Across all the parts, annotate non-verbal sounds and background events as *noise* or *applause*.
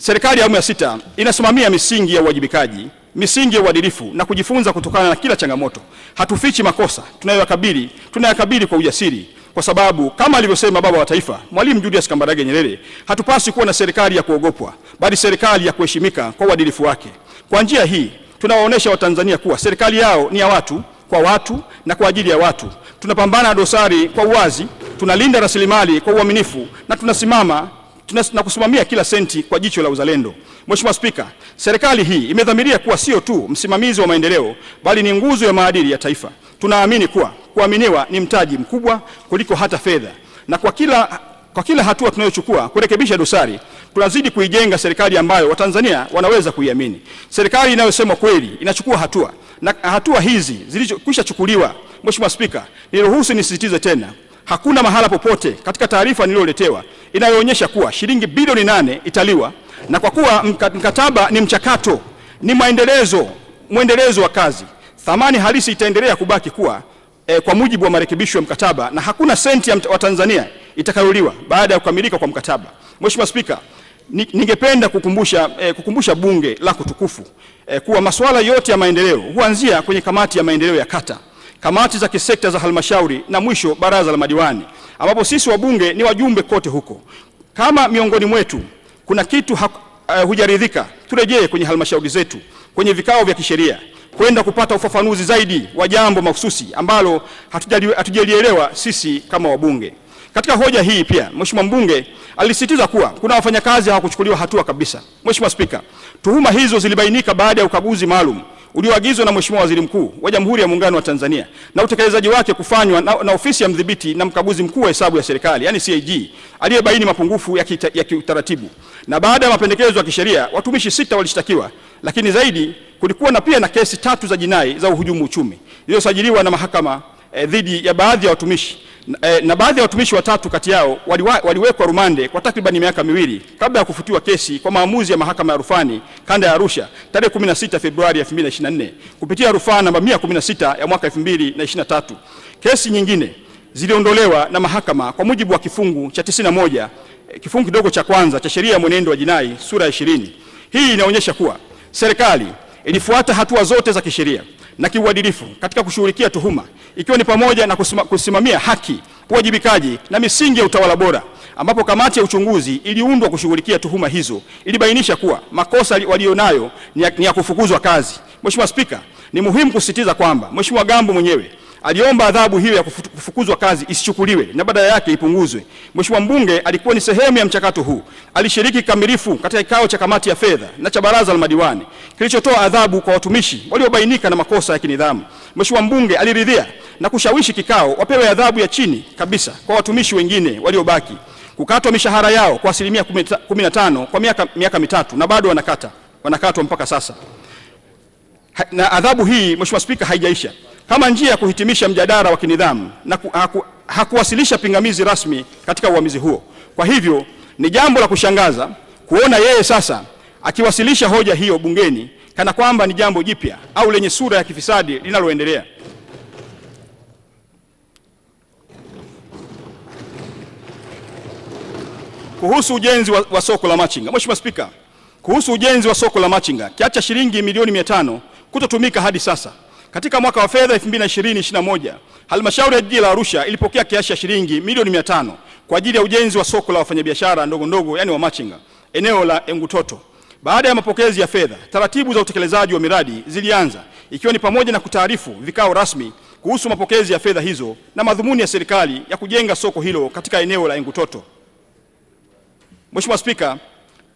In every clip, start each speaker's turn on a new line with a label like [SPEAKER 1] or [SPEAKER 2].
[SPEAKER 1] Serikali ya awamu ya sita inasimamia misingi ya uwajibikaji, misingi ya uadilifu na kujifunza kutokana na kila changamoto. Hatufichi makosa tunayoyakabili, tunayakabili kwa ujasiri, kwa sababu kama alivyosema baba wa taifa Mwalimu Julius Kambarage Nyerere, hatupasi kuwa na serikali ya kuogopwa, bali serikali ya kuheshimika kwa uadilifu wake. Kwa njia hii tunawaonesha Watanzania kuwa serikali yao ni ya watu, kwa watu na kwa ajili ya watu. Tunapambana na dosari kwa uwazi, tunalinda rasilimali kwa uaminifu na tunasimama tunakusimamia kila senti kwa jicho la uzalendo. Mheshimiwa Spika, serikali hii imedhamiria kuwa sio tu msimamizi wa maendeleo bali ni nguzo ya maadili ya taifa. Tunaamini kuwa kuaminiwa ni mtaji mkubwa kuliko hata fedha, na kwa kila, kwa kila hatua tunayochukua kurekebisha dosari tunazidi kuijenga serikali ambayo Watanzania wanaweza kuiamini, serikali inayosema kweli, inachukua hatua, na hatua hizi zilizokwisha chukuliwa. Mheshimiwa Spika, niruhusu nisisitize tena, hakuna mahala popote katika taarifa niliyoletewa inayoonyesha kuwa shilingi bilioni nane italiwa, na kwa kuwa mkataba ni mchakato, ni maendelezo mwendelezo wa kazi, thamani halisi itaendelea kubaki kuwa e, kwa mujibu wa marekebisho ya mkataba na hakuna senti ya tanzania itakayoliwa baada ya kukamilika kwa mkataba. Mheshimiwa Spika, ningependa kukumbusha, e, kukumbusha bunge lako tukufu e, eh, kuwa masuala yote ya maendeleo huanzia kwenye kamati ya maendeleo ya kata, kamati za kisekta za halmashauri na mwisho baraza la madiwani ambapo sisi wabunge ni wajumbe kote huko. Kama miongoni mwetu kuna kitu ha, uh, eh, hujaridhika, turejee kwenye halmashauri zetu kwenye vikao vya kisheria kwenda kupata ufafanuzi zaidi wa jambo mahususi ambalo hatujalielewa sisi kama wabunge. Katika hoja hii pia Mheshimiwa mbunge alisisitiza kuwa kuna wafanyakazi hawakuchukuliwa hatua kabisa. Mheshimiwa Spika, tuhuma hizo zilibainika baada ya ukaguzi maalum ulioagizwa na Mheshimiwa Waziri Mkuu wa Jamhuri ya Muungano wa Tanzania na utekelezaji wake kufanywa na, na ofisi ya mdhibiti na mkaguzi mkuu wa hesabu ya serikali yani CAG aliyebaini mapungufu ya, kita, ya kiutaratibu. Na baada ya mapendekezo ya kisheria watumishi sita walishtakiwa, lakini zaidi kulikuwa na pia na kesi tatu za jinai za uhujumu uchumi zilizosajiliwa na mahakama eh, dhidi ya baadhi ya watumishi na, eh, na baadhi ya watumishi watatu kati yao waliwekwa rumande kwa takriban miaka miwili kabla ya kufutiwa kesi kwa maamuzi ya mahakama ya rufani kanda ya Arusha tarehe 16 Februari 2024 kupitia rufaa namba 116 ya mwaka 2023. Kesi nyingine ziliondolewa na mahakama kwa mujibu wa kifungu cha 91 eh, kifungu kidogo cha kwanza cha sheria ya mwenendo wa jinai sura ya 20. Hii inaonyesha kuwa serikali ilifuata hatua zote za kisheria na kiuadilifu katika kushughulikia tuhuma ikiwa ni pamoja na kusima, kusimamia haki, uwajibikaji na misingi ya utawala bora, ambapo kamati ya uchunguzi iliundwa kushughulikia tuhuma hizo ilibainisha kuwa makosa walionayo ni ya, ni ya kufukuzwa kazi. Mheshimiwa Spika, ni muhimu kusisitiza kwamba Mheshimiwa Gambo mwenyewe Aliomba adhabu hiyo ya kufukuzwa kazi isichukuliwe na badala yake ipunguzwe. Mheshimiwa mbunge alikuwa ni sehemu ya mchakato huu, alishiriki kikamilifu katika kikao cha kamati ya fedha na cha baraza la madiwani kilichotoa adhabu kwa watumishi waliobainika na makosa ya kinidhamu. Mheshimiwa mbunge aliridhia na kushawishi kikao wapewe adhabu ya chini kabisa kwa watumishi wengine waliobaki, kukatwa mishahara yao kwa asilimia 15 kwa miaka, miaka mitatu na bado wanakata wanakatwa mpaka sasa na adhabu hii, Mheshimiwa Spika, haijaisha. Kama njia ya kuhitimisha mjadala wa kinidhamu na ku, haku, hakuwasilisha pingamizi rasmi katika uamuzi huo. Kwa hivyo ni jambo la kushangaza kuona yeye sasa akiwasilisha hoja hiyo bungeni kana kwamba ni jambo jipya au lenye sura ya kifisadi linaloendelea. Kuhusu ujenzi wa, wa soko la machinga, Mheshimiwa Spika, kuhusu ujenzi wa soko la machinga, kiasi cha shilingi milioni mia tano kutotumika hadi sasa. Katika mwaka wa fedha 2020/2021 halmashauri ya jiji la Arusha ilipokea kiasi cha shilingi milioni 500 kwa ajili ya ujenzi wa soko la wafanyabiashara ndogo ndogo, yani wamachinga, eneo la Engutoto. Baada ya mapokezi ya fedha, taratibu za utekelezaji wa miradi zilianza ikiwa ni pamoja na kutaarifu vikao rasmi kuhusu mapokezi ya fedha hizo na madhumuni ya serikali ya kujenga soko hilo katika eneo la Engutoto. Mheshimiwa Spika,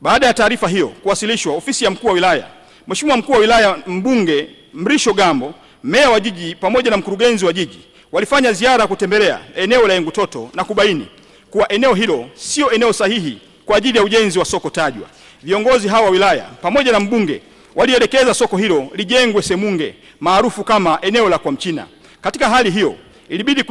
[SPEAKER 1] baada ya taarifa hiyo kuwasilishwa ofisi ya mkuu wa wilaya Mheshimiwa mkuu wa wilaya, mbunge Mrisho Gambo, meya wa jiji pamoja na mkurugenzi wa jiji walifanya ziara kutembelea eneo la Engutoto na kubaini kuwa eneo hilo sio eneo sahihi kwa ajili ya ujenzi wa soko tajwa. Viongozi hawa wa wilaya pamoja na mbunge walielekeza soko hilo lijengwe Semunge maarufu kama eneo la kwa Mchina. Katika hali hiyo ilibidi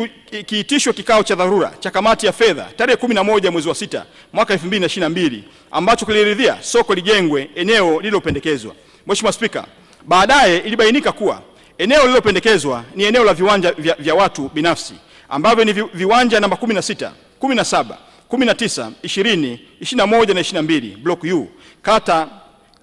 [SPEAKER 1] kiitishwe kikao cha dharura cha kamati ya fedha tarehe 11 mwezi wa sita mwaka 2022 ambacho kiliridhia soko lijengwe eneo lililopendekezwa. Mheshimiwa Spika, baadaye ilibainika kuwa eneo lililopendekezwa ni eneo la viwanja vya, vya watu binafsi ambavyo ni viwanja namba 16, 17, 19, 20, 21 na 22 block U kata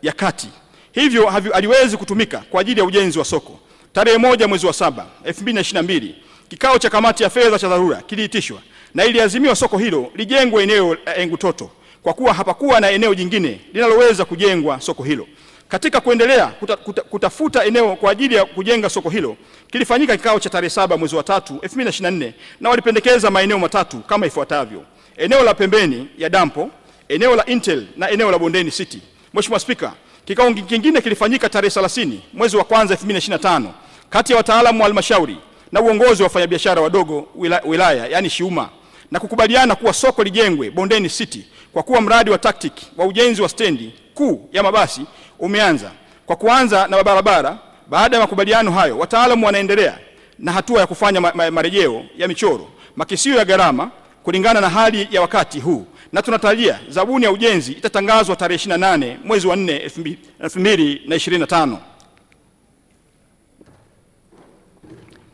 [SPEAKER 1] ya Kati, hivyo haliwezi kutumika kwa ajili ya ujenzi wa soko. Tarehe moja mwezi wa saba 2022 kikao cha kamati ya fedha cha dharura kiliitishwa na iliazimiwa soko hilo lijengwe eneo la Engutoto kwa kuwa hapakuwa na eneo jingine linaloweza kujengwa soko hilo. Katika kuendelea kuta, kuta, kutafuta eneo kwa ajili ya kujenga soko hilo kilifanyika kikao cha tarehe saba mwezi wa tatu 2024 na walipendekeza maeneo matatu kama ifuatavyo: eneo la pembeni ya dampo, eneo la Intel na eneo la Bondeni City. Mheshimiwa Spika, kikao kingine kilifanyika tarehe 30 mwezi wa kwanza 2025 kati ya wataalamu wa halmashauri na uongozi wa wafanyabiashara wadogo wilaya, wilaya yani Shiuma na kukubaliana kuwa soko lijengwe Bondeni City kwa kuwa mradi wa tactic wa ujenzi wa stendi kuu ya mabasi umeanza kwa kuanza na barabara. Baada ya makubaliano hayo, wataalamu wanaendelea na hatua ya kufanya ma ma marejeo ya michoro, makisio ya gharama kulingana na hali ya wakati huu, na tunatarajia zabuni ya ujenzi itatangazwa tarehe 28 mwezi wa 4 2025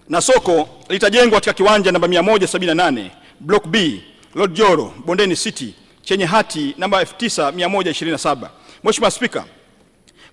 [SPEAKER 1] na soko litajengwa katika kiwanja namba 178 Block B Lord Joro Bondeni City chenye hati namba 9127. Mheshimiwa Spika,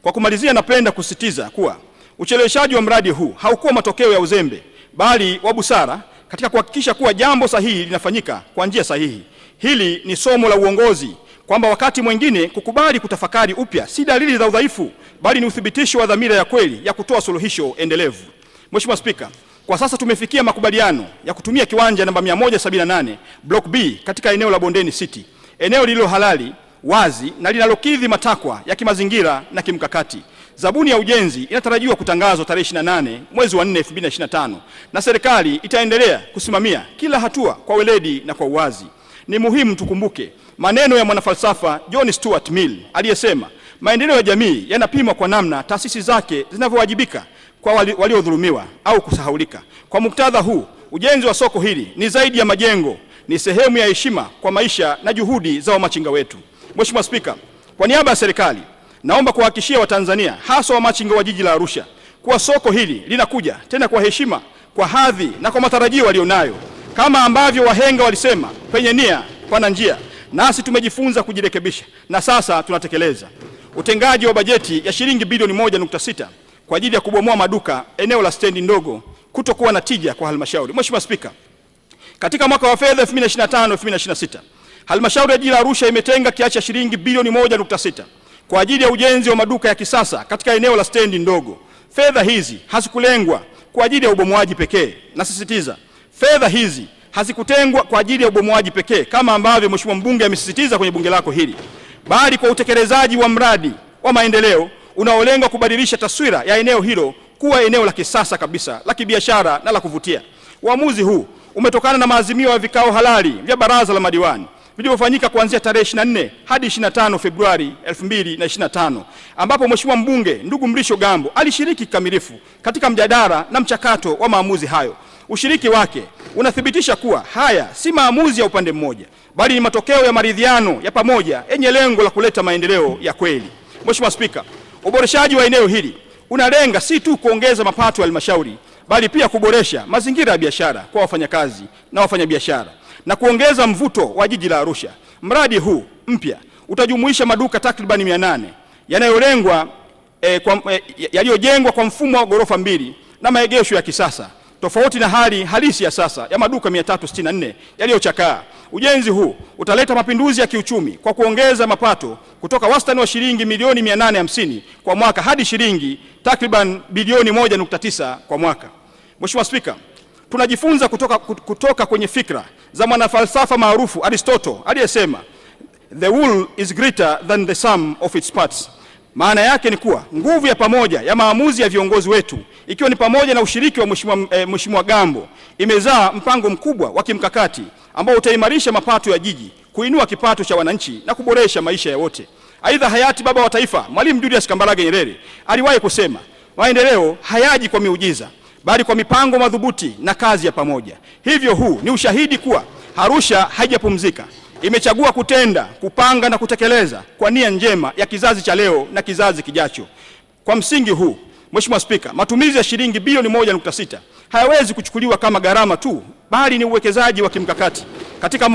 [SPEAKER 1] kwa kumalizia, napenda kusisitiza kuwa ucheleweshaji wa mradi huu haukuwa matokeo ya uzembe, bali wa busara katika kuhakikisha kuwa jambo sahihi linafanyika kwa njia sahihi. Hili ni somo la uongozi kwamba wakati mwingine kukubali kutafakari upya si dalili za udhaifu, bali ni uthibitisho wa dhamira ya kweli ya kutoa suluhisho endelevu. Mheshimiwa Spika, kwa sasa tumefikia makubaliano ya kutumia kiwanja namba 178 block B katika eneo la Bondeni City, eneo lililo halali wazi na linalokidhi matakwa ya kimazingira na kimkakati. Zabuni ya ujenzi inatarajiwa kutangazwa tarehe 28 mwezi wa 4 2025, na serikali itaendelea kusimamia kila hatua kwa weledi na kwa uwazi. Ni muhimu tukumbuke maneno ya mwanafalsafa John Stuart Mill aliyesema, maendeleo ya jamii yanapimwa kwa namna taasisi zake zinavyowajibika kwa waliodhulumiwa wali au kusahaulika. Kwa muktadha huu, ujenzi wa soko hili ni zaidi ya majengo, ni sehemu ya heshima kwa maisha na juhudi za wamachinga wetu. Mheshimiwa Spika, kwa niaba ya serikali naomba kuwahakikishia Watanzania hasa wamachinga wa jiji la Arusha kuwa soko hili linakuja tena kwa heshima, kwa hadhi na kwa matarajio walionayo. Kama ambavyo wahenga walisema, penye nia pana njia, nasi tumejifunza kujirekebisha na sasa tunatekeleza utengaji wa bajeti ya shilingi bilioni 1.6 kwa ajili ya kubomoa maduka eneo la stendi ndogo kutokuwa na tija kwa halmashauri. Mheshimiwa Spika, katika mwaka wa fedha 2025/2026 Halmashauri ya jiji la Arusha imetenga kiasi cha shilingi bilioni 1.6 kwa ajili ya ujenzi wa maduka ya kisasa katika eneo la stendi ndogo. Fedha hizi hazikulengwa kwa ajili ya ubomoaji pekee. Nasisitiza, fedha hizi hazikutengwa kwa ajili ya ubomoaji pekee kama ambavyo Mheshimiwa mbunge amesisitiza kwenye bunge lako hili, bali kwa utekelezaji wa mradi wa maendeleo unaolenga kubadilisha taswira ya eneo hilo kuwa eneo la kisasa kabisa la kibiashara na la kuvutia. Uamuzi huu umetokana na maazimio ya vikao halali vya baraza la madiwani vilivyofanyika kuanzia tarehe 24 hadi 25 Februari 2025 ambapo Mheshimiwa mbunge ndugu Mrisho Gambo alishiriki kikamilifu katika mjadala na mchakato wa maamuzi hayo. Ushiriki wake unathibitisha kuwa haya si maamuzi ya upande mmoja, bali ni matokeo ya maridhiano ya pamoja yenye lengo la kuleta maendeleo ya kweli. Mheshimiwa Spika, uboreshaji wa eneo hili unalenga si tu kuongeza mapato ya halmashauri bali pia kuboresha mazingira ya biashara kwa wafanyakazi na wafanyabiashara na kuongeza mvuto wa jiji la Arusha. Mradi huu mpya utajumuisha maduka takribani 800 yanayolengwa e, e, yaliyojengwa kwa mfumo wa ghorofa mbili na maegesho ya kisasa tofauti na hali halisi ya sasa ya maduka 364 yaliyochakaa. Ujenzi huu utaleta mapinduzi ya kiuchumi kwa kuongeza mapato kutoka wastani wa shilingi milioni 850 kwa mwaka hadi shilingi takriban bilioni 1.9 kwa mwaka. Mheshimiwa Spika, tunajifunza kutoka, kutoka kwenye fikra za mwanafalsafa maarufu Aristotle aliyesema the whole is greater than the sum of its parts. Maana yake ni kuwa nguvu ya pamoja ya maamuzi ya viongozi wetu ikiwa ni pamoja na ushiriki wa mheshimiwa eh, mheshimiwa Gambo imezaa mpango mkubwa wa kimkakati ambao utaimarisha mapato ya jiji, kuinua kipato cha wananchi na kuboresha maisha ya wote. Aidha, hayati baba wa taifa Mwalimu Julius Kambarage Nyerere aliwahi kusema, maendeleo hayaji kwa miujiza bali kwa mipango madhubuti na kazi ya pamoja. Hivyo huu ni ushahidi kuwa Arusha haijapumzika, imechagua kutenda, kupanga na kutekeleza kwa nia njema ya kizazi cha leo na kizazi kijacho. Kwa msingi huu, Mheshimiwa Spika, matumizi ya shilingi bilioni 1.6 hayawezi kuchukuliwa kama gharama tu, bali ni uwekezaji wa kimkakati katika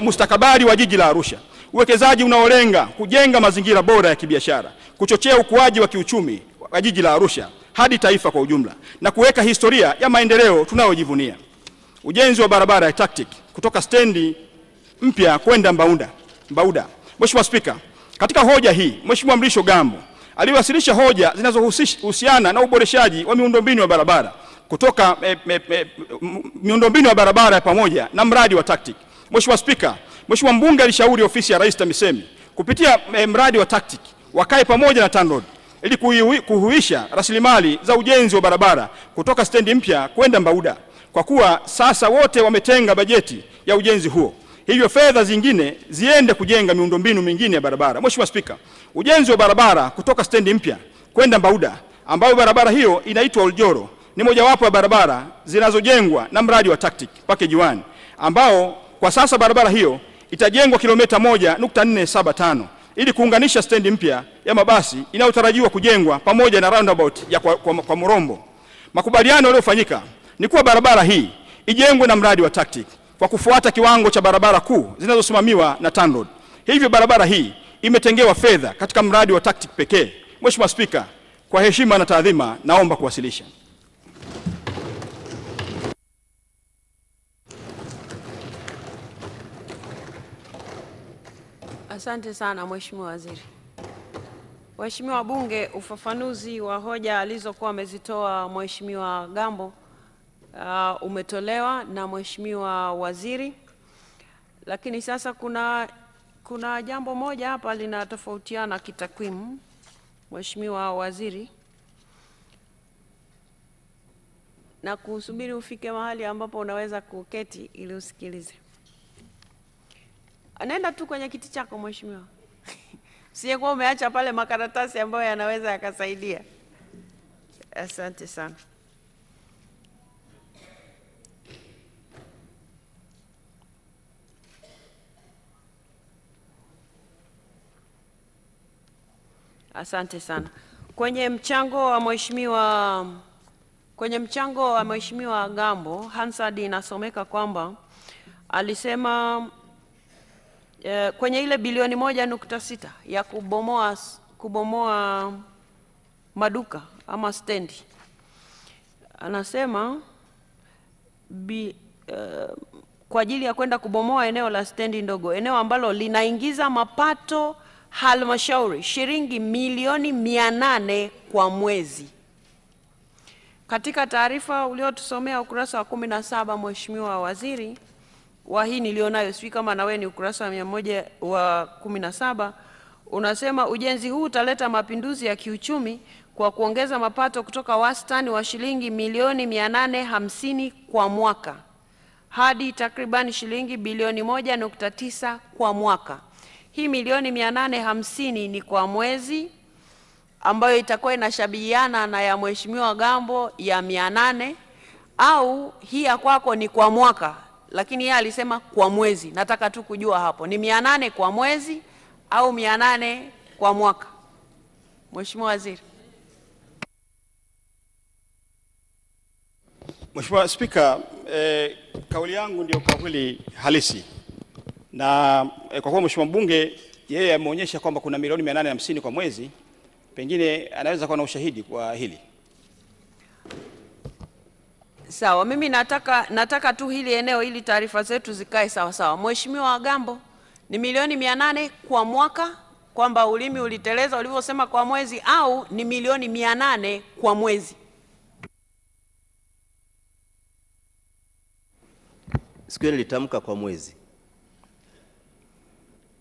[SPEAKER 1] mustakabali wa jiji la Arusha, uwekezaji unaolenga kujenga mazingira bora ya kibiashara, kuchochea ukuaji wa kiuchumi wa jiji la Arusha hadi taifa kwa ujumla na kuweka historia ya maendeleo tunayojivunia. Ujenzi wa barabara ya TACTIC kutoka stendi mpya kwenda Mbauda, Mbauda. Mheshimiwa Spika, katika hoja hii Mheshimiwa Mrisho Gambo aliwasilisha hoja zinazohusiana na uboreshaji wa miundombinu ya barabara kutoka eh, eh, eh, miundombinu ya barabara ya pamoja na mradi wa TACTIC. Mheshimiwa Spika, Mheshimiwa mbunge alishauri ofisi ya Rais TAMISEMI kupitia mradi wa TACTIC wakae pamoja na TANROADS ili kuhuisha rasilimali za ujenzi wa barabara kutoka stendi mpya kwenda Mbauda, kwa kuwa sasa wote wametenga bajeti ya ujenzi huo, hivyo fedha zingine ziende kujenga miundombinu mingine ya barabara. Mheshimiwa Spika, ujenzi wa barabara kutoka stendi mpya kwenda Mbauda, ambayo barabara hiyo inaitwa Oljoro, ni mojawapo ya barabara zinazojengwa na mradi wa TACTIC package 1 ambao kwa sasa barabara hiyo itajengwa kilomita 1.475 ili kuunganisha stendi mpya ya mabasi inayotarajiwa kujengwa pamoja na roundabout ya kwa, kwa, kwa Morombo. Makubaliano yaliyofanyika ni kuwa barabara hii ijengwe na mradi wa TACTIC kwa kufuata kiwango cha barabara kuu zinazosimamiwa na TANROADS. Hivyo barabara hii imetengewa fedha katika mradi wa TACTIC pekee. Mheshimiwa Spika, kwa heshima na taadhima naomba kuwasilisha
[SPEAKER 2] Asante sana Mheshimiwa Waziri. Waheshimiwa wabunge, ufafanuzi wa hoja alizokuwa amezitoa Mheshimiwa Gambo uh, umetolewa na Mheshimiwa Waziri, lakini sasa kuna, kuna jambo moja hapa linatofautiana kitakwimu. Mheshimiwa Waziri, na kusubiri ufike mahali ambapo unaweza kuketi ili usikilize. Anaenda tu kwenye kiti chako mheshimiwa. *laughs* Siyekuwa umeacha pale makaratasi ambayo yanaweza yakasaidia. Asante sana. Asante sana. Kwenye mchango wa mheshimiwa kwenye mchango wa mheshimiwa Gambo Hansard inasomeka kwamba alisema Eh, kwenye ile bilioni moja nukta sita ya kubomoa, kubomoa maduka ama stendi anasema bi, uh, kwa ajili ya kwenda kubomoa eneo la stendi ndogo, eneo ambalo linaingiza mapato halmashauri shilingi milioni mia nane kwa mwezi. Katika taarifa uliotusomea ukurasa wa 17, Mheshimiwa Waziri, wa hii nilionayo, sijui kama na wewe ni ukurasa wa mia moja wa kumi na saba unasema ujenzi huu utaleta mapinduzi ya kiuchumi kwa kuongeza mapato kutoka wastani wa shilingi milioni 850 kwa mwaka hadi takriban shilingi bilioni tisa kwa mwaka. Hii milioni hamsini ni kwa mwezi ambayo itakuwa inashabihiana na ya Mheshimiwa Gambo ya nane au hii ya kwako ni kwa mwaka lakini yeye alisema kwa mwezi. Nataka tu kujua hapo ni mia nane kwa mwezi au mia nane kwa mwaka, Mheshimiwa Waziri?
[SPEAKER 3] Mheshimiwa Spika, eh, kauli yangu ndio kauli halisi na eh, kwa kuwa Mheshimiwa mbunge yeye ameonyesha kwamba kuna milioni 850 kwa mwezi, pengine anaweza kuwa na ushahidi kwa hili.
[SPEAKER 2] Sawa, mimi nataka, nataka tu hili eneo ili taarifa zetu zikae sawa sawa. Mheshimiwa Agambo, ni milioni mia nane kwa mwaka kwamba ulimi uliteleza ulivyosema kwa mwezi au ni milioni mia nane kwa mwezi?
[SPEAKER 3] Sikuwa nilitamka kwa mwezi.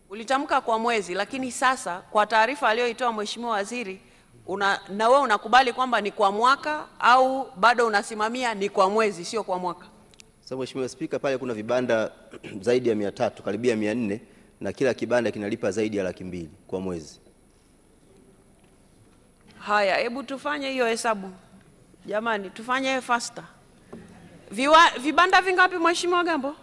[SPEAKER 2] Ulitamka kwa mwezi, lakini sasa kwa taarifa aliyoitoa Mheshimiwa Waziri una, na wewe unakubali kwamba ni kwa mwaka au bado unasimamia ni kwa mwezi, sio kwa mwaka?
[SPEAKER 3] Sasa Mheshimiwa Spika, pale kuna vibanda *clears throat* zaidi ya mia tatu karibia mia nne na kila kibanda kinalipa zaidi ya laki mbili kwa mwezi.
[SPEAKER 2] Haya, hebu tufanye hiyo hesabu jamani, tufanye faster. Viwa, vibanda vingapi Mheshimiwa Gambo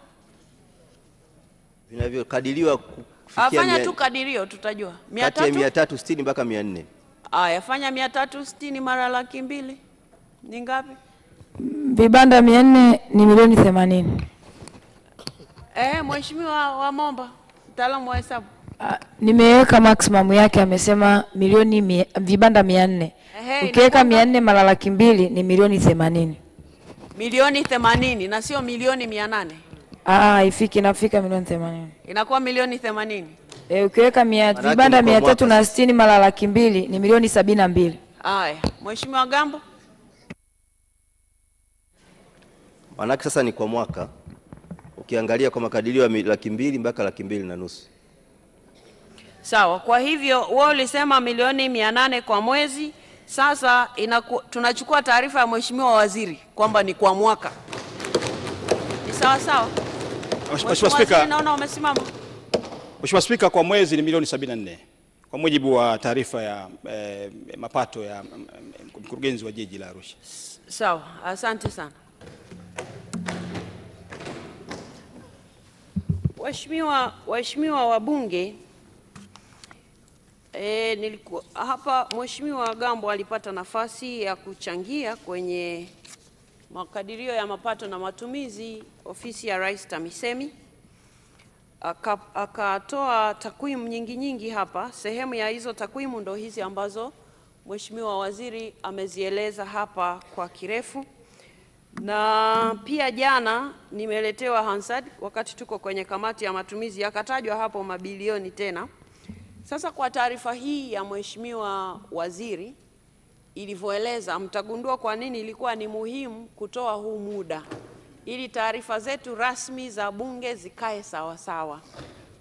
[SPEAKER 3] vinavyofanya
[SPEAKER 2] tu kadirio, tutajua
[SPEAKER 3] kati ya mpaka 400.
[SPEAKER 2] Aya, fanya mia tatu sitini mara laki mbili ni ngapi?
[SPEAKER 4] Vibanda mia nne ni milioni themanini.
[SPEAKER 2] Eh, Mheshimiwa Wamomba, mtaalamu wa hesabu ah,
[SPEAKER 4] nimeweka maximum yake, amesema milioni mia, vibanda mia nne hey, ukiweka mia nne mara laki mbili ni milioni themanini.
[SPEAKER 2] Milioni themanini na sio milioni mia nane.
[SPEAKER 4] Ah, ah, ifiki nafika milioni themanini,
[SPEAKER 2] inakuwa milioni themanini.
[SPEAKER 4] E, ukiweka mia, vibanda mia tatu na sitini mara laki mbili ni milioni sabini na mbili.
[SPEAKER 2] aya Mheshimiwa Gambo.
[SPEAKER 3] Maanake sasa ni kwa mwaka ukiangalia kwa makadirio ya laki mbili mpaka laki mbili na nusu.
[SPEAKER 2] Sawa, kwa hivyo wewe ulisema milioni mia nane kwa mwezi. Sasa inaku, tunachukua taarifa ya Mheshimiwa Waziri kwamba ni kwa mwaka. Ni sawa sawa. Mheshimiwa Spika, naona umesimama.
[SPEAKER 3] Mheshimiwa Spika, kwa mwezi ni milioni 74 kwa mujibu wa taarifa ya eh, mapato ya mm, mkurugenzi wa jiji la Arusha.
[SPEAKER 2] Sawa, asante sana. Waheshimiwa, waheshimiwa wabunge e, eh, nilikuwa hapa Mheshimiwa Gambo alipata nafasi ya kuchangia kwenye makadirio ya mapato na matumizi ofisi ya Rais TAMISEMI akatoa aka takwimu nyingi nyingi hapa. Sehemu ya hizo takwimu ndo hizi ambazo Mheshimiwa Waziri amezieleza hapa kwa kirefu, na pia jana nimeletewa Hansard wakati tuko kwenye kamati ya matumizi, yakatajwa hapo mabilioni tena. Sasa kwa taarifa hii ya Mheshimiwa Waziri ilivyoeleza, mtagundua kwa nini ilikuwa ni muhimu kutoa huu muda ili taarifa zetu rasmi za bunge zikae sawa sawa,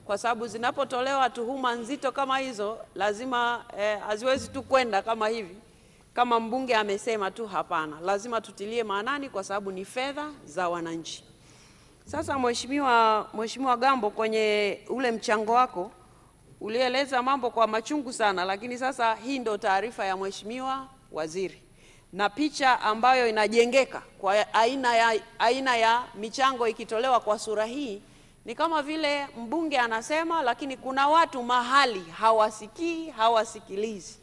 [SPEAKER 2] kwa sababu zinapotolewa tuhuma nzito kama hizo lazima eh, haziwezi tu kwenda kama hivi, kama mbunge amesema tu. Hapana, lazima tutilie maanani, kwa sababu ni fedha za wananchi. Sasa mheshimiwa, Mheshimiwa Gambo, kwenye ule mchango wako ulieleza mambo kwa machungu sana, lakini sasa hii ndo taarifa ya mheshimiwa waziri na picha ambayo inajengeka kwa aina ya, aina ya michango ikitolewa kwa sura hii ni kama vile mbunge anasema, lakini kuna watu mahali hawasikii hawasikilizi.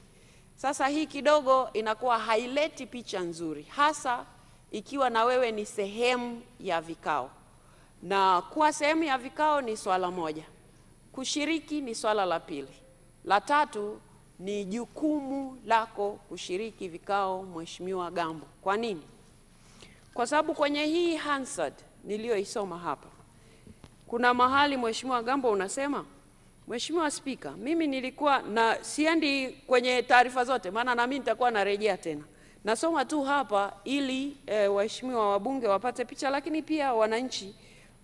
[SPEAKER 2] Sasa hii kidogo inakuwa haileti picha nzuri, hasa ikiwa na wewe ni sehemu ya vikao. Na kuwa sehemu ya vikao ni swala moja, kushiriki ni swala la pili, la tatu ni jukumu lako kushiriki vikao, Mheshimiwa Gambo. Kwa nini? Kwa sababu kwenye hii Hansard niliyoisoma hapa kuna mahali Mheshimiwa Gambo unasema, Mheshimiwa Spika, mimi nilikuwa na siendi kwenye taarifa zote, maana nami nitakuwa narejea tena, nasoma tu hapa ili e, waheshimiwa wabunge wapate picha, lakini pia wananchi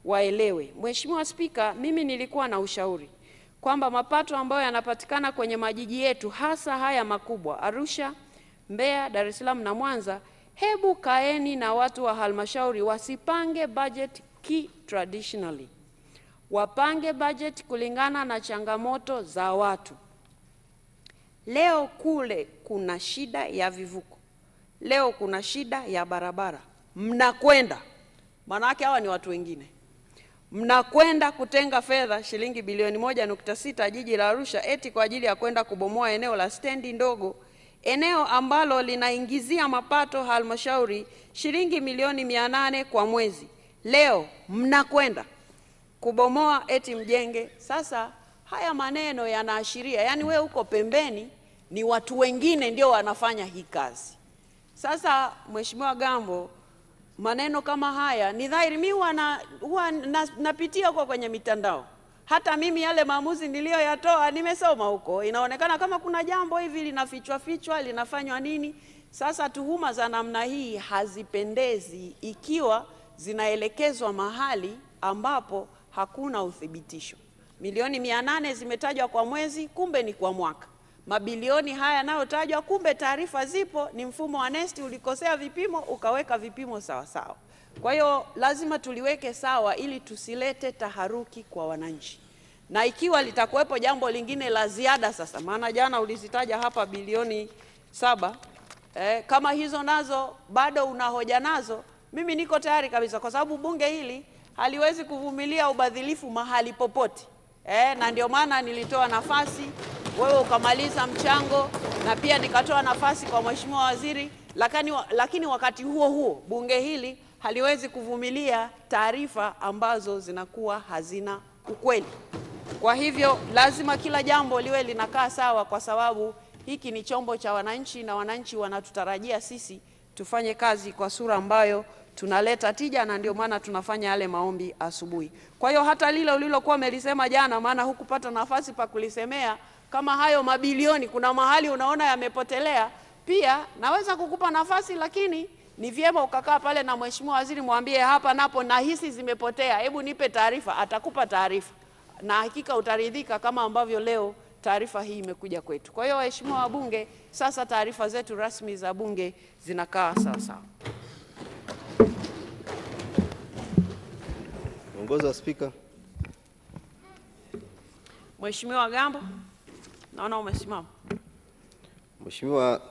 [SPEAKER 2] waelewe. Mheshimiwa Spika, mimi nilikuwa na ushauri kwamba mapato ambayo yanapatikana kwenye majiji yetu hasa haya makubwa Arusha, Mbeya, Dar es Salaam na Mwanza, hebu kaeni na watu wa halmashauri wasipange budget ki traditionally, wapange budget kulingana na changamoto za watu. Leo kule kuna shida ya vivuko, leo kuna shida ya barabara, mnakwenda maanake hawa ni watu wengine mnakwenda kutenga fedha shilingi bilioni moja nukta sita jiji la Arusha eti kwa ajili ya kwenda kubomoa eneo la stendi ndogo, eneo ambalo linaingizia mapato halmashauri shilingi milioni mia nane kwa mwezi. Leo mnakwenda kubomoa eti mjenge. Sasa haya maneno yanaashiria, yani we uko pembeni, ni watu wengine ndio wanafanya hii kazi. Sasa Mheshimiwa Gambo maneno kama haya ni dhahiri. Mi huwa na, na, napitia huko kwenye mitandao, hata mimi yale maamuzi niliyoyatoa nimesoma huko, inaonekana kama kuna jambo hivi linafichwa fichwa, linafanywa nini. Sasa tuhuma za namna hii hazipendezi ikiwa zinaelekezwa mahali ambapo hakuna uthibitisho. Milioni mia nane zimetajwa kwa mwezi, kumbe ni kwa mwaka. Mabilioni haya yanayotajwa, kumbe taarifa zipo, ni mfumo wa NeST ulikosea vipimo ukaweka vipimo sawa sawa. Kwa hiyo lazima tuliweke sawa ili tusilete taharuki kwa wananchi, na ikiwa litakuwepo jambo lingine la ziada sasa, maana jana ulizitaja hapa bilioni saba eh, kama hizo nazo bado unahoja nazo, mimi niko tayari kabisa, kwa sababu bunge hili haliwezi kuvumilia ubadhilifu mahali popote eh, na ndio maana nilitoa nafasi wewe ukamaliza mchango, na pia nikatoa nafasi kwa mheshimiwa waziri, lakini, lakini wakati huo huo bunge hili haliwezi kuvumilia taarifa ambazo zinakuwa hazina ukweli. Kwa hivyo lazima kila jambo liwe linakaa sawa, kwa sababu hiki ni chombo cha wananchi na wananchi wanatutarajia sisi tufanye kazi kwa sura ambayo tunaleta tija, na ndio maana tunafanya yale maombi asubuhi. Kwa hiyo hata lile ulilokuwa umelisema jana, maana hukupata nafasi pa kulisemea, kama hayo mabilioni kuna mahali unaona yamepotelea, pia naweza kukupa nafasi, lakini ni vyema ukakaa pale na mheshimiwa waziri, mwambie hapa napo nahisi zimepotea, hebu nipe taarifa. Atakupa taarifa na hakika utaridhika kama ambavyo leo taarifa hii imekuja kwetu. Kwa hiyo waheshimiwa wabunge, sasa taarifa zetu rasmi za bunge zinakaa sawa sawa.
[SPEAKER 3] Mwongozo wa Spika.
[SPEAKER 2] Mheshimiwa Gambo. Naona umesimama.
[SPEAKER 3] Mheshimiwa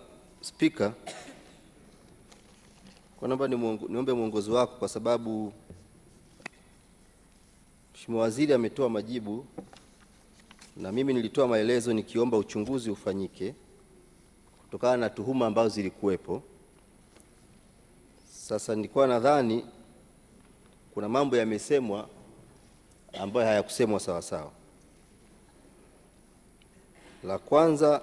[SPEAKER 3] Spika, kwa naomba niombe mwongozi wako kwa sababu Mheshimiwa Waziri ametoa majibu na mimi nilitoa maelezo nikiomba uchunguzi ufanyike kutokana na tuhuma ambazo zilikuwepo. Sasa nilikuwa nadhani kuna mambo yamesemwa ambayo hayakusemwa sawasawa. La kwanza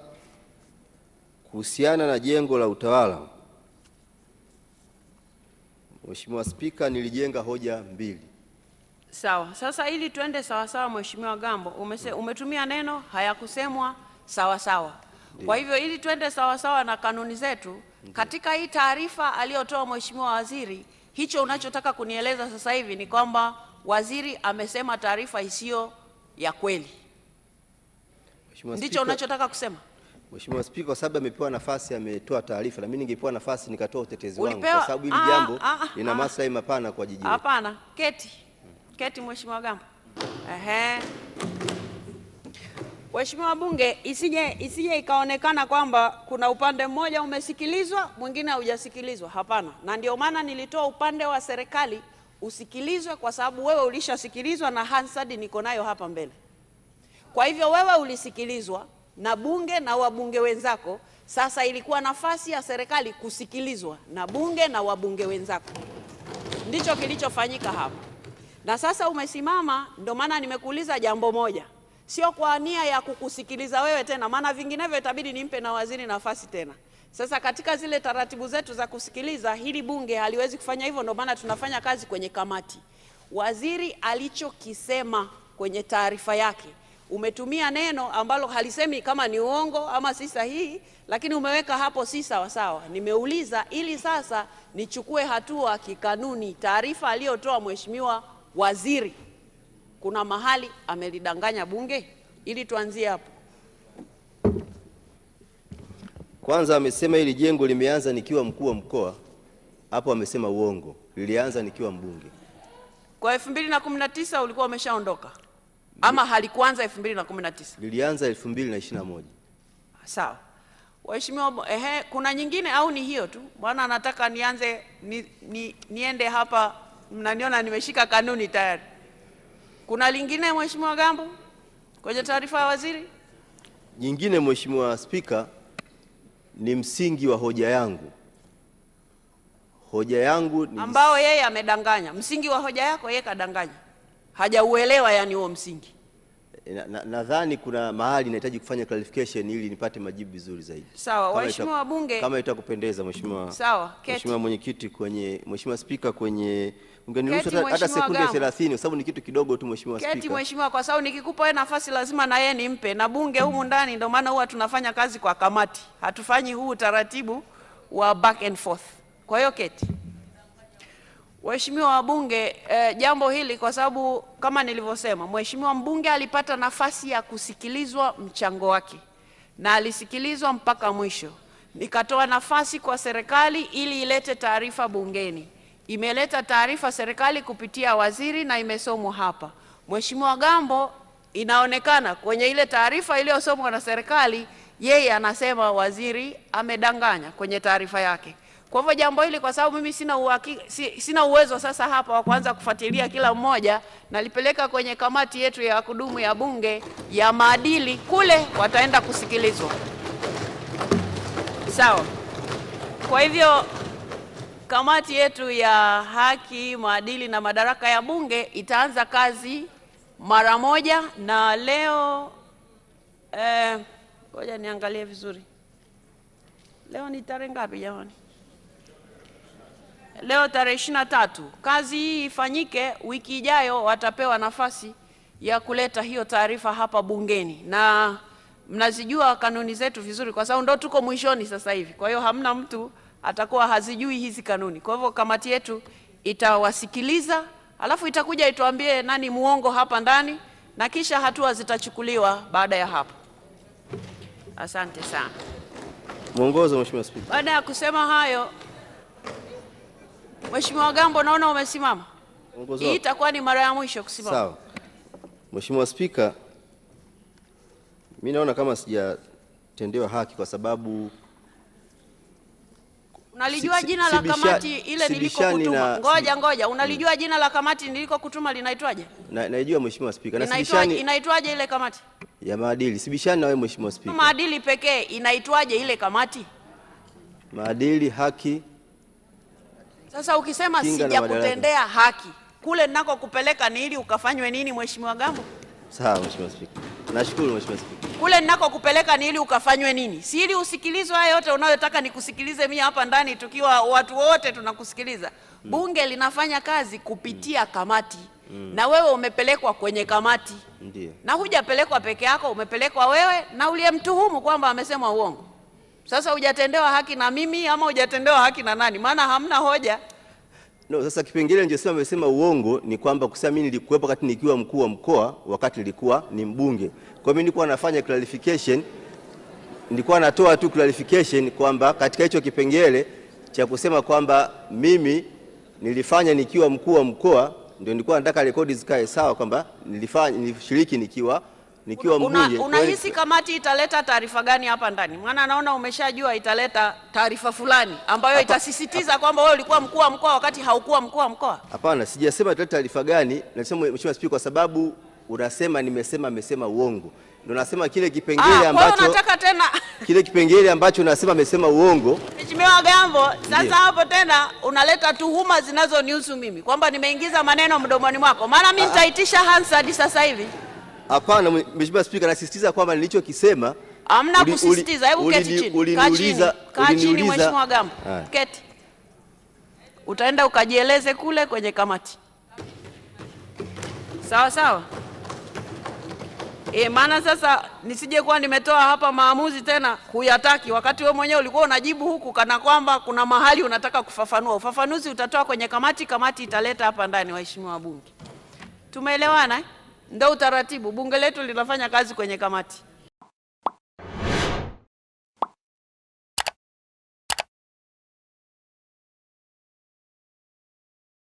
[SPEAKER 3] kuhusiana na jengo la utawala, Mheshimiwa Spika, nilijenga hoja mbili.
[SPEAKER 2] Sawa. Sasa ili tuende sawasawa, Mheshimiwa Gambo umese, mm. umetumia neno hayakusemwa sawasawa. Kwa hivyo ili tuende sawasawa na kanuni zetu, katika hii taarifa aliyotoa Mheshimiwa Waziri, hicho unachotaka kunieleza sasa hivi ni kwamba waziri amesema taarifa isiyo ya kweli. Mheshimiwa Ndicho unachotaka kusema?
[SPEAKER 3] Mheshimiwa Spika, kwa sababu amepewa nafasi ametoa taarifa, na mimi ningepewa nafasi nikatoa utetezi wangu kwa sababu hili ah, jambo ah, ah, lina maslahi mapana kwa jiji.
[SPEAKER 2] Hapana, keti. Keti Mheshimiwa Gambo. Ehe. Mheshimiwa Bunge, isije isije ikaonekana kwamba kuna upande mmoja umesikilizwa mwingine haujasikilizwa. Hapana, na ndio maana nilitoa upande wa serikali usikilizwe, kwa sababu wewe ulishasikilizwa na Hansard niko nayo hapa mbele. Kwa hivyo wewe ulisikilizwa na bunge na wabunge wenzako. Sasa ilikuwa nafasi ya serikali kusikilizwa na bunge na wabunge wenzako, ndicho kilichofanyika hapa. Na sasa umesimama, ndio maana nimekuuliza jambo moja, sio kwa nia ya kukusikiliza wewe tena, maana vinginevyo itabidi nimpe na waziri nafasi tena. Sasa katika zile taratibu zetu za kusikiliza, hili bunge haliwezi kufanya hivyo, ndio maana tunafanya kazi kwenye kamati. Waziri alichokisema kwenye taarifa yake umetumia neno ambalo halisemi kama ni uongo ama si sahihi, lakini umeweka hapo si sawa sawa. Nimeuliza ili sasa nichukue hatua kikanuni. Taarifa aliyotoa mheshimiwa waziri, kuna mahali amelidanganya bunge, ili tuanzie hapo.
[SPEAKER 3] Kwanza amesema hili jengo limeanza nikiwa mkuu wa mkoa, hapo amesema uongo, lilianza nikiwa mbunge.
[SPEAKER 2] Kwa 2019 ulikuwa umeshaondoka ama halikuanza 2019?
[SPEAKER 3] Lilianza 2021.
[SPEAKER 2] Sawa. Waheshimiwa, ehe, kuna nyingine au ni hiyo tu? Bwana anataka nianze ni, ni, niende hapa, mnaniona nimeshika kanuni tayari. Kuna lingine Mheshimiwa Gambo kwenye taarifa ya waziri?
[SPEAKER 3] Nyingine Mheshimiwa Spika, ni msingi wa hoja yangu. Hoja yangu ni
[SPEAKER 2] ambao yeye amedanganya. Msingi wa hoja yako yeye kadanganya hajauelewa yani huo msingi.
[SPEAKER 3] Nadhani eh, na, na kuna mahali nahitaji kufanya clarification ili nipate majibu vizuri zaidi.
[SPEAKER 2] Sawa, waheshimiwa wabunge,
[SPEAKER 3] kama itakupendeza mheshimiwa. Mm, sawa, mheshimiwa mwenyekiti, kwenye mheshimiwa spika, kwenye ungeniruhusu hata sekunde 30 kwa sababu ni kitu kidogo tu mheshimiwa spika. Keti
[SPEAKER 2] mheshimiwa, kwa sababu nikikupa wewe nafasi lazima na yeye nimpe, na bunge humu ndani ndio maana huwa tunafanya kazi kwa kamati, hatufanyi huu utaratibu wa back and forth. Kwa hiyo keti. Waheshimiwa wabunge eh, jambo hili kwa sababu kama nilivyosema, mheshimiwa mbunge alipata nafasi ya kusikilizwa mchango wake na alisikilizwa mpaka mwisho. Nikatoa nafasi kwa serikali ili ilete taarifa bungeni. Imeleta taarifa serikali kupitia waziri na imesomwa hapa. Mheshimiwa Gambo, inaonekana kwenye ile taarifa iliyosomwa na serikali, yeye anasema waziri amedanganya kwenye taarifa yake. Kwa hivyo jambo hili, kwa sababu mimi sina uhakika, sina uwezo sasa hapa wa kuanza kufuatilia kila mmoja, nalipeleka kwenye kamati yetu ya kudumu ya Bunge ya maadili, kule wataenda kusikilizwa, sawa. Kwa hivyo kamati yetu ya haki, maadili na madaraka ya Bunge itaanza kazi mara moja na leo eh, ngoja niangalie vizuri leo ni tarehe ngapi jamani? leo tarehe ishirini na tatu. Kazi hii ifanyike, wiki ijayo watapewa nafasi ya kuleta hiyo taarifa hapa bungeni, na mnazijua kanuni zetu vizuri, kwa sababu ndo tuko mwishoni sasa hivi. Kwa hiyo hamna mtu atakuwa hazijui hizi kanuni. Kwa hivyo kamati yetu itawasikiliza, alafu itakuja ituambie nani muongo hapa ndani, na kisha hatua zitachukuliwa baada ya hapo. Asante sana.
[SPEAKER 3] Mwongozo, Mheshimiwa Spika.
[SPEAKER 2] Baada ya kusema hayo Mheshimiwa Gambo, naona umesimama. Hii itakuwa ni mara ya mwisho kusimama.
[SPEAKER 3] Sawa. Mheshimiwa Spika, mimi naona kama sijatendewa haki kwa sababu
[SPEAKER 2] unalijua jina la kamati ile nilikokutuma. Ngoja ngoja, hmm. unalijua jina la kamati nilikokutuma linaitwaje?
[SPEAKER 3] Na, naijua Mheshimiwa Spika. Na
[SPEAKER 2] sibishani inaitwaje ile kamati
[SPEAKER 3] ya maadili? Sibishani na wewe Mheshimiwa Spika.
[SPEAKER 2] Maadili pekee inaitwaje ile kamati?
[SPEAKER 3] Maadili, haki
[SPEAKER 2] sasa ukisema sijakutendea haki, kule nako kupeleka ni ili ukafanywe nini, Mheshimiwa Gambo?
[SPEAKER 3] Sawa Mheshimiwa Spika. Nashukuru Mheshimiwa Spika.
[SPEAKER 2] Kule kupeleka ni ili ukafanywe nini? Si ili usikilizwe haya yote unayotaka nikusikilize mimi hapa ndani tukiwa watu wote tunakusikiliza. Mm. Bunge linafanya kazi kupitia mm. kamati. Mm. Na wewe umepelekwa kwenye kamati. Ndiyo. Na hujapelekwa peke yako, umepelekwa wewe na uliyemtuhumu kwamba amesema uongo. Sasa hujatendewa haki na mimi ama hujatendewa haki na nani? Maana hamna hoja.
[SPEAKER 3] No, sasa kipengele nilichosema amesema uongo ni kwamba kusema mimi nilikuwepo wakati nikiwa mkuu wa mkoa, wakati nilikuwa ni mbunge. Kwa mimi nilikuwa nafanya clarification, nilikuwa natoa tu clarification kwamba katika hicho kipengele cha kusema kwamba mimi nilifanya nikiwa mkuu wa mkoa, ndio nilikuwa nataka rekodi zikae sawa kwamba nilifanya nilishiriki nikiwa nikiwa mbunge.
[SPEAKER 2] Unahisi una kamati italeta taarifa gani hapa ndani? Maana naona umeshajua italeta taarifa fulani ambayo apa, itasisitiza kwamba wewe ulikuwa mkuu wa mkoa wakati haukuwa mkuu wa mkoa.
[SPEAKER 3] Hapana, sijasema italeta taarifa gani. Nasema Mheshimiwa Spika, kwa sababu unasema nimesema amesema uongo, ndio nasema kile kipengele ah, ambacho
[SPEAKER 2] nataka tena *laughs*
[SPEAKER 3] kile kipengele ambacho nasema amesema uongo.
[SPEAKER 2] Mheshimiwa Gambo, sasa hapo tena unaleta tuhuma zinazonihusu mimi kwamba nimeingiza maneno mdomoni mwako, maana mimi ah, ah. nitaitisha Hansard sasa hivi.
[SPEAKER 3] Hapana Mheshimiwa Spika, nasisitiza kwamba nilichokisema
[SPEAKER 2] hamna kusisitiza. Hebu keti chini, kaa chini, kaa chini Mheshimiwa Gambo, ah. keti, utaenda ukajieleze kule kwenye kamati. Sawa sawa. E, maana sasa nisije kuwa nimetoa hapa maamuzi tena huyataki, wakati wewe mwenyewe ulikuwa unajibu huku kana kwamba kuna mahali unataka kufafanua. Ufafanuzi utatoa kwenye kamati, kamati italeta hapa ndani, waheshimiwa wabunge. Tumeelewana eh? Ndio utaratibu. Bunge letu linafanya kazi kwenye kamati.